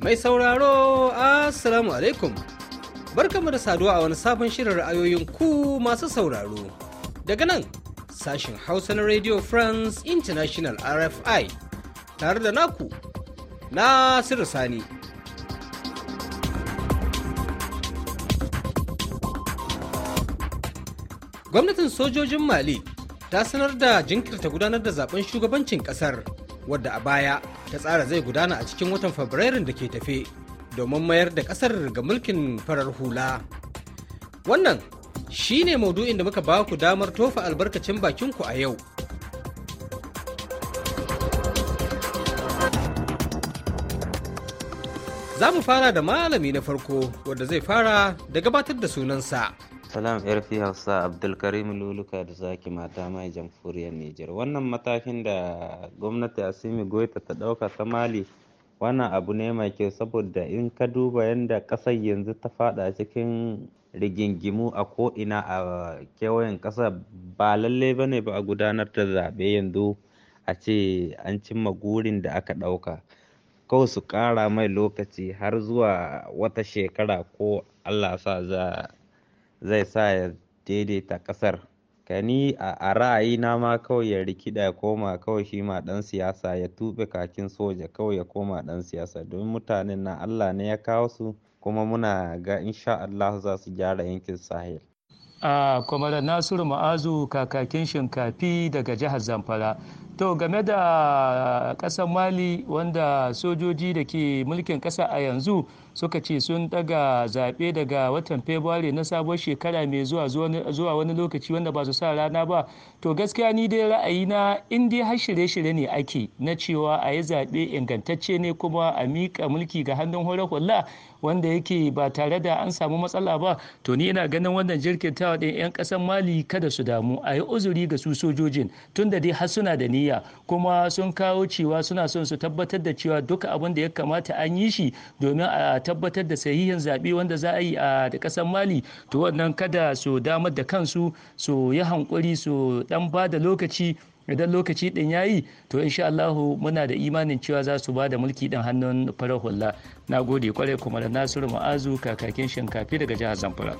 Mai sauraro, Assalamu alaikum. Barkamu da saduwa a wani sabon shirin ra'ayoyin ku masu sauraro. Daga nan, sashen Hausa na Radio France International RFI, tare da naku, Nasiru Sani. Gwamnatin sojojin Mali ta sanar da jinkirta gudanar da zaben shugabancin kasar wadda a baya ta tsara zai gudana a cikin watan fabrairun da ke tafe domin mayar da kasar ga mulkin farar hula wannan shi ne maudu'in da muka ba ku damar tofa albarkacin bakinku a yau za mu fara da malami na farko wadda zai fara da gabatar da sunansa. Salam yarfi Hausa Abdulkarim Luluka da zaki mata mai jamhuriyar Nijar. Wannan matakin da gwamnati Asimi Goita ta ɗauka ta Mali wannan abu ne mai kyau saboda in ka duba yadda ƙasar yanzu ta faɗa cikin rigingimu a ko'ina a kewayen ƙasa ba lallai ba ne ba a gudanar da zaɓe yanzu a ce an cimma gurin da aka ɗauka. kawai su ƙara mai lokaci har zuwa wata shekara ko Allah sa za zai sa ya daidaita ƙasar kani ni a na ma kawai ya rikida ya koma kawai shi ma ɗan siyasa ya tuɓe kakin soja kawai ya koma ɗan siyasa don mutanen na allah ne ya kawo su kuma muna ga insha allah za su gyara yankin sahel a kwamarar nasiru ma'azu kakakin shinkafi daga jihar zamfara to game da ƙasar mali wanda sojoji da ke mulkin ƙasa a yanzu suka ce sun daga zaɓe daga watan february na sabuwar shekara mai zuwa zuwa wani lokaci wanda ba su sa rana ba to gaskiya ni dai ra'ayi na in dai har shirye-shirye ne ake na cewa a yi zaɓe ingantacce ne kuma a miƙa mulki ga hannun horar hula wanda yake ba tare da an samu matsala ba to ni ina ganin wannan jirkintawa ɗin 'yan ƙasan mali kada su damu a yi uzuri ga su sojojin tun da dai har suna da niyya kuma sun kawo cewa suna son su tabbatar da cewa duka abin da ya kamata an yi shi domin a tabbatar da sahihin zaɓe wanda za a yi a da ƙasar mali to wannan kada su damar da kansu su yi hankuri su dan ba da lokaci idan lokaci din yayi to insha Allahu muna da imanin cewa za su ba da mulki din hannun farar hula na gode kwarai kuma da nasiru ma'azu kakakin shinkafi daga jihar zamfara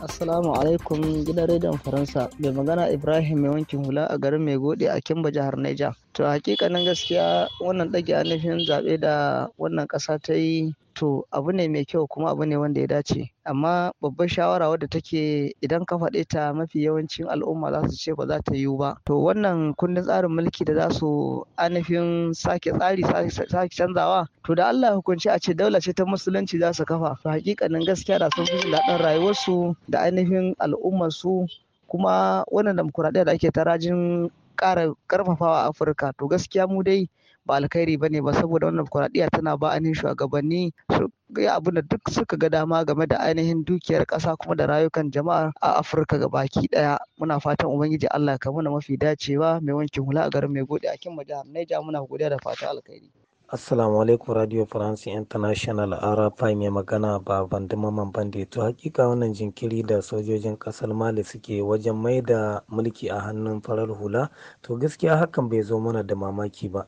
Assalamu alaikum gidan rediyon Faransa. Mai magana Ibrahim mai wankin hula a garin Mai Gode a Kimba jihar Neja. To hakikanin gaskiya wannan ɗage ainihin zaɓe da wannan ƙasa ta yi to abu ne mai kyau kuma abu ne wanda ya dace amma babbar shawara wadda take idan ka faɗe ta mafi yawancin al'umma za su ce ba za ta yiwu ba to wannan kundin tsarin mulki da za su anufin sake tsari sake canzawa to da Allah hukunci a ce daula ce ta musulunci za su kafa to hakikanin gaskiya da sun fi daɗin rayuwarsu da ainihin al'ummarsu kuma wannan demokuraɗiyya da ake tarajin ƙara ƙarfafawa a afirka to gaskiya mu dai ba alkhairi ba ba saboda wannan kuraɗiya tana ba ainihin shugabanni su ga abin da duk suka ga dama game da ainihin dukiyar ƙasa kuma da rayukan jama'a a afirka baki ɗaya muna fatan ubangiji allah ka muna mafi dacewa mai wankin hula a garin mai gode a kin jihar naija muna godiya da fatan alkhairi Assalamu alaikum Radio France International arafa mai magana ba bandimaman bande to hakika wannan jinkiri da sojojin kasar Mali suke wajen mai da mulki a hannun farar hula to gaskiya hakan bai zo mana da mamaki ba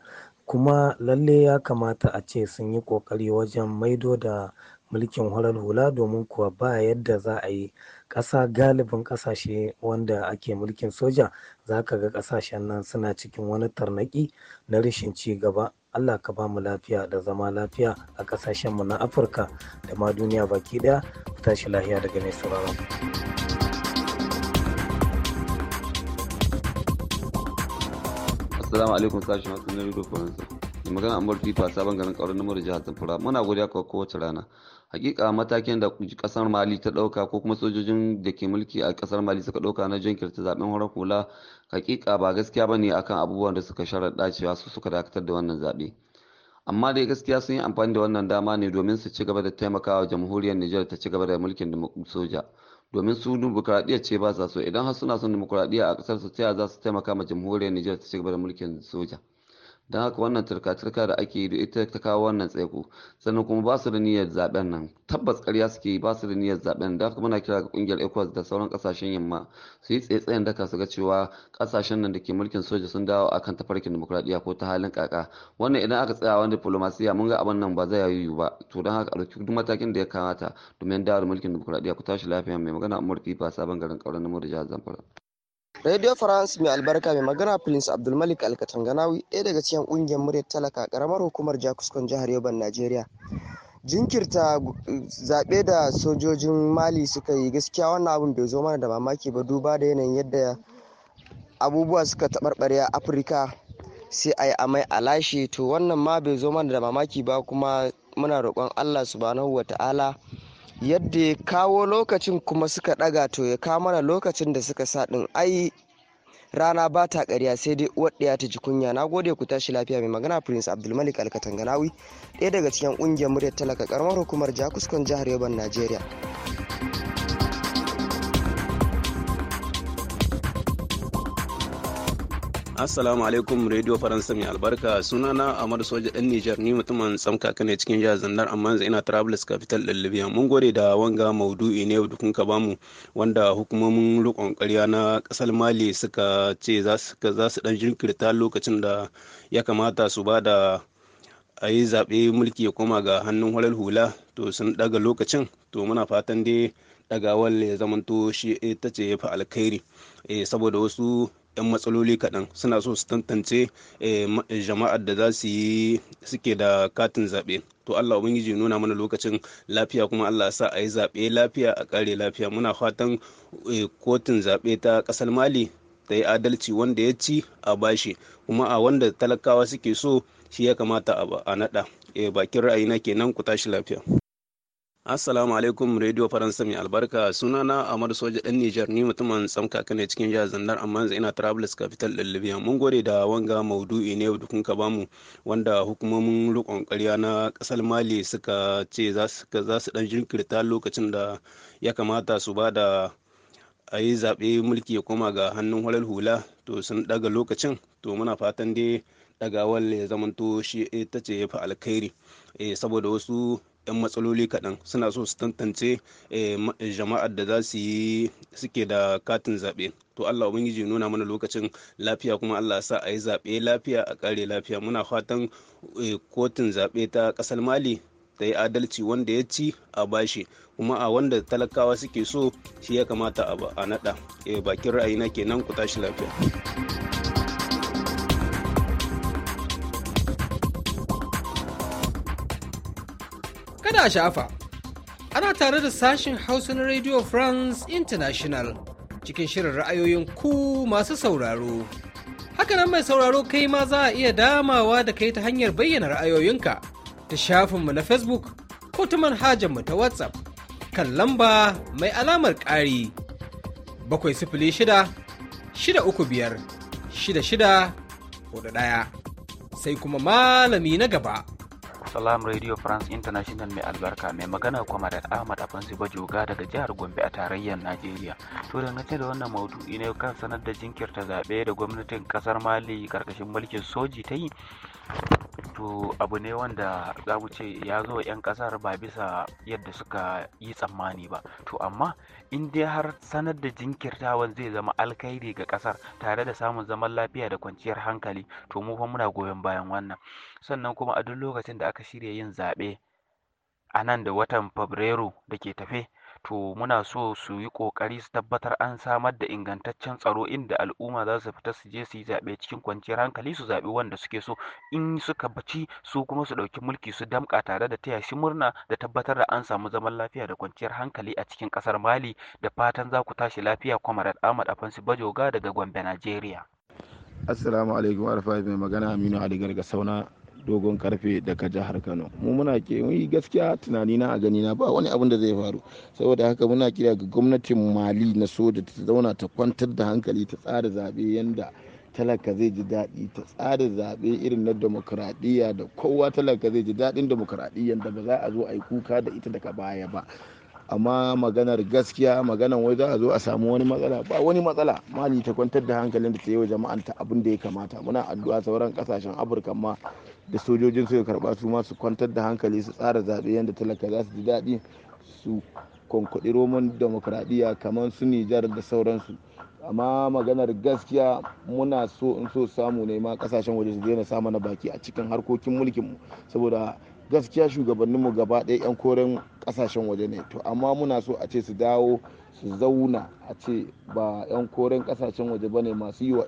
kuma lalle ya kamata a ce sun yi ƙoƙari wajen maido da mulkin horar hula domin kuwa ba yadda za a yi ƙasa galibin ƙasashe wanda ake mulkin soja za ka ga ƙasashen nan suna cikin wani tarnaƙi na rashin ci gaba allah ka ba mu lafiya da zama lafiya a ƙasashen mu na afirka da ma duniya baki ɗaya tashi lahiya daga mai sauraron Assalamu alaikum sashi masu na Rido Faransa. magana Amur fifa sabon garin ƙaurin namar jihar Zamfara. Muna godiya ga kowace rana. Hakika matakin da kasar Mali ta ɗauka ko kuma sojojin da ke mulki a kasar Mali suka ɗauka na jinkirta zaben horar kula hakika ba gaskiya bane akan abubuwan da suka sharaɗa cewa su suka dakatar da wannan zaɓe. amma dai gaskiya sun yi amfani da wannan dama ne domin su ci gaba da taimakawa jamhuriyar Nijar ta ci gaba da mulkin soja. domin su dimokuraɗiyya ce ba sa so idan har suna son dimokuraɗiyya a ƙasar su ta za su taimaka ma jamhuriyar Nijar ta cigaba da mulkin soja. don haka wannan turka-turka da ake yi da ita ta kawo wannan tsaiko sannan kuma ba su da niyyar zaben nan tabbas ƙarya suke yi ba su da niyyar zaben da haka muna kira ga kungiyar ecowas da sauran kasashen yamma su yi tsaye-tsayen daka su ga cewa kasashen nan da ke mulkin soja sun dawo akan tafarkin demokuraɗiyya ko ta halin kaka wannan idan aka tsaya wani diplomasiya mun ga abin nan ba zai yiwu ba to don haka a duk matakin da ya kamata domin dawo mulkin demokuraɗiyya ku tashi lafiya mai magana Amurki ba sabon garin ƙauran namu da jihar zamfara. Radio France mai albarka mai magana Prince Abdulmalik Alkatanganawi ɗaya daga cikin ƙungiyar muryar talaka ƙaramar hukumar Jakuskon jihar Yoban Najeriya. Jinkirta zaɓe da sojojin Mali suka yi gaskiya wannan abin bai zo mana da mamaki ba duba da yanayin yadda abubuwa suka taɓarɓare a Afirka sai a yi amai a lashe to wannan ma bai zo mana da mamaki ba kuma muna roƙon Allah subhanahu wa ta'ala yadda ya kawo lokacin kuma suka ɗaga to ya kawo mana lokacin da suka sa ɗin ai rana ba ta ƙarya sai dai uwar ɗaya ta ji kunya na gode ku tashi lafiya mai magana prince abdulmalik alkatanganawi ɗaya daga cikin ƙungiyar muryar talaka karamar hukumar jakuskon jihar yoban najeriya Assalamu alaikum Radio Faransa mai albarka sunana Amadu Soja ɗan Nijar ni mutumin tsamka ne cikin jihar Zandar amma yanzu ina Travelers Capital ɗin Libya. Mun gode da wanga maudu'i ne da kun ka bamu wanda hukumomin rikon ƙarya na ƙasar Mali suka ce za su ɗan jinkirta lokacin da ya kamata su ba da ayi zaɓe mulki ya koma ga hannun halal hula to sun ɗaga lokacin to muna fatan dai dagawar ya zamanto shi ta ce ya fi alkhairi eh, saboda wasu 'yan matsaloli kaɗan suna so su tantance eh, eh, jama'ar da za su yi suke da katin zaɓe to allah ubangiji nuna mana lokacin lafiya kuma allah sa a yi zaɓe lafiya a ƙare lafiya muna fatan eh, kotun zaɓe ta ƙasar mali ta yi adalci wanda ya ci a bashi kuma a wanda talakawa suke so shi ya kamata a naɗa bakin ra'ayi na kenan ku tashi lafiya Assalamu alaikum Radio Faransa mai albarka sunana Amadu Soja ɗan Nijar ni mutumin tsamka ne cikin jihar Zandar amma ina Travelers Capital ɗin Libya mun gode da wanga maudu'i ne da kun ka bamu wanda hukumomin rikon ƙarya na ƙasar Mali suka ce za su ɗan jinkirta lokacin da ya kamata su ba da a zaɓe mulki ya koma ga hannun halal hula to sun ɗaga lokacin to muna fatan dai ɗagawar ya zamanto shi ita ce ya fi alkhairi eh, saboda wasu 'yan matsaloli kaɗan suna so su tantance eh, eh, jama'ar da za su yi suke da katin zaɓe to allah ubangiji nuna mana lokacin lafiya kuma allah sa a yi zaɓe lafiya a ƙare lafiya muna fatan eh, kotun zaɓe ta ƙasar mali ta yi adalci wanda ya ci a bashi kuma a wanda talakawa suke so shi ya kamata a naɗa bakin ra'ayi na kenan ku tashi lafiya Za a shafa. Ana tare da sashen Hausa na Radio France International cikin shirin ra'ayoyin ku masu sauraro. Hakanan mai sauraro kai ma za a iya damawa da kai ta hanyar bayyana ra'ayoyinka ta shafinmu na Facebook ko ta manhajarmu ta WhatsApp kan lamba mai alamar ƙari. Bakwai sifili shida, shida uku biyar, shida shida, hudu ɗaya. Sai kuma malami na gaba. Salam Radio France International mai albarka mai magana da Ahmad Afansi Bajoga daga jihar Gombe a tarayyar Najeriya. To dangance da wannan maudu'i ne kan sanar da jinkirta zaɓe da gwamnatin ƙasar Mali karkashin mulkin soji ta yi wato abu ne wanda za mu ce ya zo 'yan kasar ba bisa yadda suka yi tsammani ba to amma in dai har sanar da jinkirtawan zai zama alkhairi ga kasar tare da samun zaman lafiya da kwanciyar hankali to mu fa muna goyon bayan wannan sannan kuma a duk lokacin da aka shirya yin zaɓe a nan da watan fabrairu da ke tafe to muna so su yi ƙoƙari su tabbatar an samar da ingantaccen tsaro inda al'umma za su fita su je su yi zaɓe cikin kwanciyar hankali su zaɓi wanda suke so in suka baci su kuma su ɗauki mulki su damƙa tare da taya shi murna da tabbatar da an samu zaman lafiya da kwanciyar hankali a cikin ƙasar mali da fatan za ku tashi lafiya comrade ahmad afansi bajoga daga gombe najeriya assalamu alaikum arfa mai magana aminu ali garga sauna dogon karfe daga jihar kano mu muna ke gaskiya tunani na a gani na ba wani abin da zai faru saboda haka muna kira ga gwamnatin mali na soja ta zauna ta kwantar da hankali ta tsara zaɓe yanda talaka zai ji daɗi ta tsara zaɓe irin na demokuraɗiyya da kowa talaka zai ji daɗin demokuraɗiyyar da ba za a zo a yi kuka da ita daga baya ba amma maganar gaskiya maganar wai za a zo a samu wani matsala ba wani matsala mali ta kwantar da hankalin da ta yi wa jama'anta abin da ya kamata muna addu'a sauran kasashen afirka ma da sojojin suka karba su ma su kwantar da hankali su tsara zaɓe yadda talaka za su ji daɗi su kwankwaɗi roman demokradiyya kamar su nijar da sauransu amma maganar gaskiya muna so in so samu ne ma kasashen waje su daina samu na baki a cikin harkokin mulkinmu saboda gaskiya shugabanninmu gaba ɗaya 'yan koren kasashen waje ne to amma muna so a ce su dawo su zauna a ce ba 'yan koren kasashen waje ba ne masu yi wa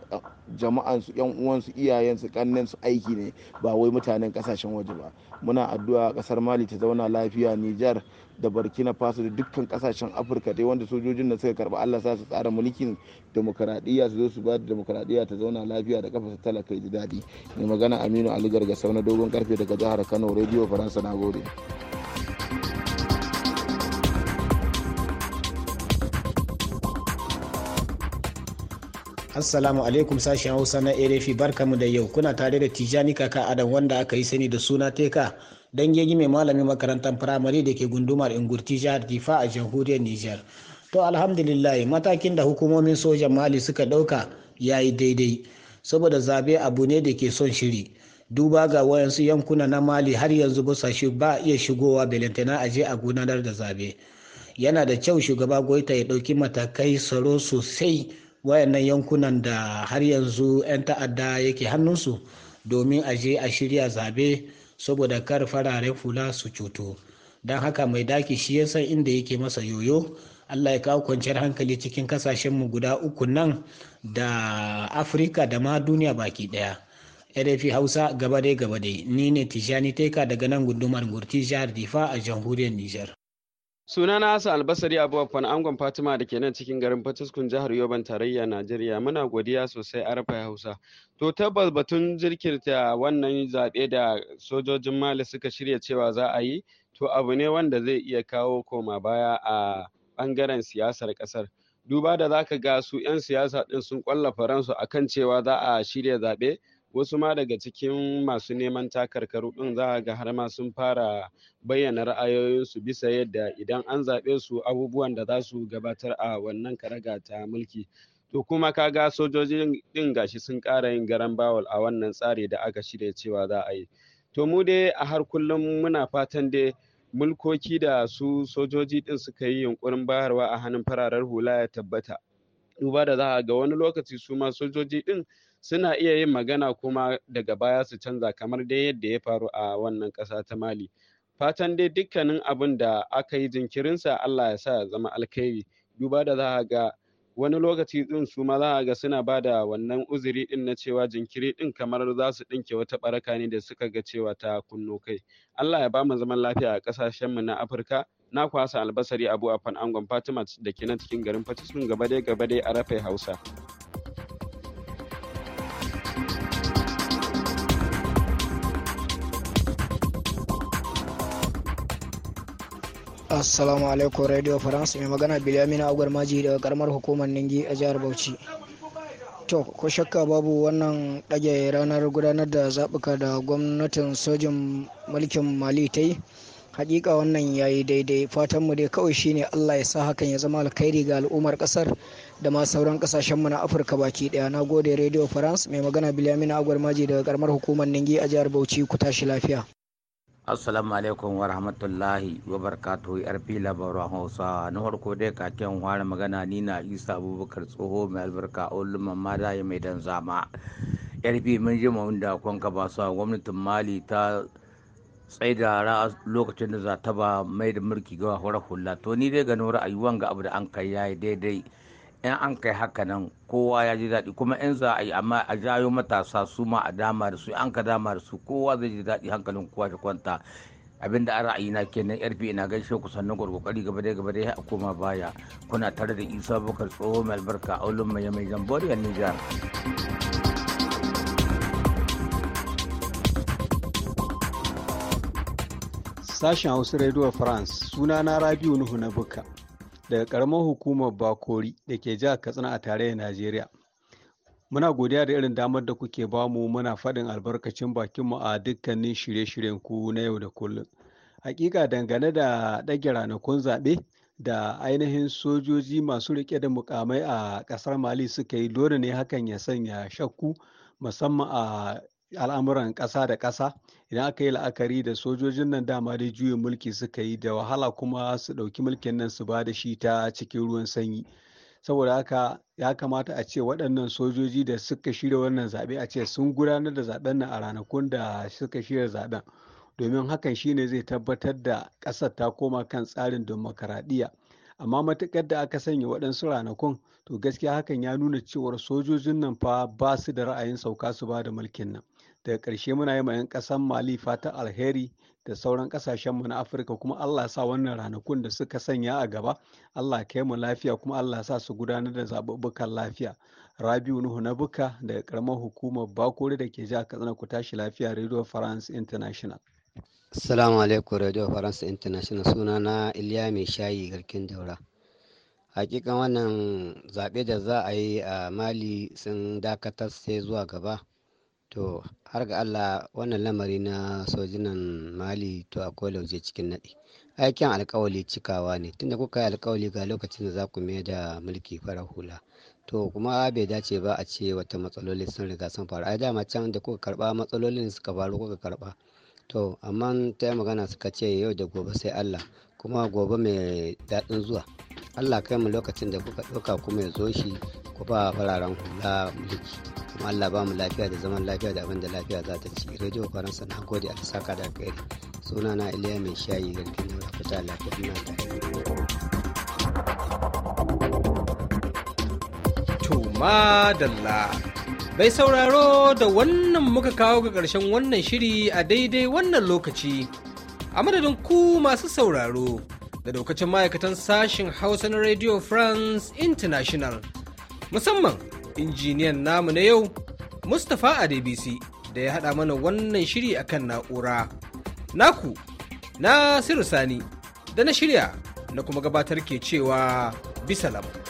jama'ansu 'yan uwansu iyayensu su aiki ne ba wai mutanen kasashen waje ba muna addu'a kasar mali ta zauna lafiya nijar da burkina faso da dukkan kasashen afirka dai wanda sojojin da suka karba allah sa su tsara mulkin demokaradiyya su zo su ba da demokaradiyya ta zauna lafiya da kafa talaka ji daɗi mai magana aminu ali gargasa na dogon karfe daga jihar kano rediyo faransa na gode. assalamu alaikum sashen hausa na erefi barkamu da yau kuna tare da tijani kaka adam wanda aka yi sani da suna teka gegi mai malamin makarantar firamare da ke gundumar ingurti jihar difa a jamhuriyar niger to alhamdulillah matakin da hukumomin sojan mali suka ɗauka ya yi daidai saboda zabe abu ne da ke son shiri duba ga wayansu yankuna na mali har yanzu ba shi ba iya shigowa belentana aje a gudanar da zabe yana da kyau shugaba goita ya ɗauki matakai tsaro sosai wayannan yankunan da har yanzu 'yan ta'adda yake hannunsu domin a je a shirya zabe saboda kar fararen fula su cuto don haka mai daki shi ya san inda yake masa yoyo allah ya kawo kwanciyar hankali cikin kasashenmu guda uku nan da afirka da ma duniya baki daya rfi hausa gaba dai gaba ni ne tijani teka daga nan gundumar gurti jihar difa a jamhuriyar niger Suna na Hassan Albasari Abu angon Fatima da ke nan cikin garin fatiskun jihar Yoban tarayya Najeriya muna godiya sosai Arafa Hausa. To tabbas batun jirkirta wannan zaɓe da sojojin Mali suka shirya cewa za a yi to abu ne wanda zai iya kawo koma baya a ɓangaren siyasar ƙasar. Duba da zaka ga su 'yan siyasa ɗin sun ƙwallafa ransu a kan cewa za a shirya zaɓe wasu ma daga cikin masu neman takarkaru ɗin za a ga har ma sun fara bayyana ra'ayoyinsu bisa yadda idan an zaɓe su abubuwan da za su gabatar a wannan karaga ta mulki to kuma kaga sojojin ɗin gashi sun ƙara yin garan bawal a wannan tsari da aka shirya cewa za a yi to mu dai a har kullum muna fatan dai mulkoki da su sojoji ɗin suka yi yunkurin bayarwa a hannun fararen hula ya tabbata duba da za a ga wani lokaci su ma sojoji ɗin suna iya yin magana kuma daga baya su canza kamar dai yadda ya faru a wannan ƙasa ta mali fatan dai dukkanin abin da aka yi jinkirinsa allah ya sa ya zama alkhairi duba da za ga wani lokaci din su ma za ga suna ba da wannan uzuri din na cewa jinkiri din kamar za su ɗinke wata baraka ne da suka ga cewa ta kunno kai allah ya ba mu zaman lafiya a ƙasashenmu na afirka na kwasa albasari abu a fan angon fatima da ke nan cikin garin fatisun gaba dai gaba dai a rafai hausa assalamu alaikum radio france mai magana bilamina agwar maji daga karamar hukumar ningi a jihar bauchi to ko shakka babu wannan ɗage ranar gudanar da zaɓuka da gwamnatin sojin mulkin mali ta yi hakika wannan ya yi daidai fatanmu dai kawai shine allah ya sa hakan ya zama alkhairi ga al'ummar kasar da ma sauran kasashenmu na afirka baki ɗaya na gode radio france mai magana bilamina agwar maji daga karamar hukumar ningi a jihar bauchi ku tashi lafiya assalamu alaikum wa rahmatullahi wa barakatuhu yarfi labaran hausa na farko dai kaken fara magana ni na isa abubakar tsoho mai albarka oluman mada ya mai dan zama yarfi mun ji mawun da kwanka ba su gwamnatin mali ta tsaida lokacin da za ta ba mai da mulki ga hura hula to ni dai ganin ra'ayi ga abu da an kai yayi daidai in an kai haka nan kowa ya ji daɗi kuma in za a yi amma a jayo matasa su ma a dama da su an ka dama da su kowa zai ji daɗi hankalin kowa da kwanta abinda a na kenan yarfi ina gaishe ku sannan gwargwari gaba dai gaba dai a koma baya kuna tare da isa bukar tsoho mai albarka a wulin mai mai jamboriyar nijar sashen hausa radio france suna na rabiu nuhu na buka daga karamar hukumar bakori da ke jihar katsina a tarayyar najeriya muna godiya da irin damar da kuke bamu muna faɗin albarkacin bakinmu a dukkanin shirye-shiryen ku na yau da kullum hakika dangane da ɗage ranakun zaɓe da ainihin sojoji masu riƙe da mukamai a ƙasar mali suka yi dole ne hakan ya sanya shakku musamman a al'amuran ƙasa da ƙasa idan aka yi la'akari da sojojin nan dama dai juyin mulki suka yi da wahala kuma su ɗauki mulkin nan su ba da shi ta cikin ruwan sanyi saboda haka ya kamata a ce waɗannan sojoji da suka shirya wannan zaɓe a ce sun gudanar da zaɓen nan a ranakun da suka shirya zaɓen domin hakan shine zai tabbatar da ƙasar ta koma kan tsarin dimokuraɗiyya amma matuƙar da aka sanya waɗansu ranakun to gaskiya hakan ya nuna cewar sojojin nan fa ba su da ra'ayin sauka su ba da mulkin nan daga ƙarshe muna yi 'yan ƙasan mali fata alheri da sauran mu na afirka kuma allah sa wannan ranakun da suka sanya a gaba allah kai mu lafiya kuma allah sa su gudanar da zaɓuɓɓukan lafiya rabiu nuhu na buka daga ƙaramar hukumar bakore da ke a katsina ku tashi lafiya radio france international Assalamu alaikum Radio France International suna na Iliya mai shayi garkin daura. Hakikan wannan zaɓe da za a yi a Mali sun dakatar sai zuwa gaba. To har ga Allah wannan lamari na sojinan Mali to akwai lauje cikin naɗi. Aikin alkawali cikawa ne tunda kuka yi alkawali ga lokacin da za ku mai da mulki farar hula. To kuma bai dace ba a ce wata matsaloli sun riga sun faru. Ai dama can da kuka karba matsalolin suka faru kuka karba. To amma ta magana suka ce yau da gobe sai Allah kuma gobe mai daɗin zuwa. Allah kai mu lokacin da kuka ɗauka kuma ya zo shi ku ba fararen hula mulki. kuma Allah ba mu lafiya da zaman lafiya da abin da lafiya za ta ci rediyo faransa na gode a saka da kai suna na iliya mai shayi garkin da lafiya ina to madalla bai sauraro da wannan muka kawo ga ƙarshen wannan shiri a daidai wannan lokaci a madadin ku masu sauraro da daukacin ma'aikatan sashen hausa na radio france international musamman injiniyan namu na yau mustapha a adebisi da ya haɗa mana wannan shiri akan na'ura naku na sani da na shirya na kuma gabatar ke cewa bisa bisalam.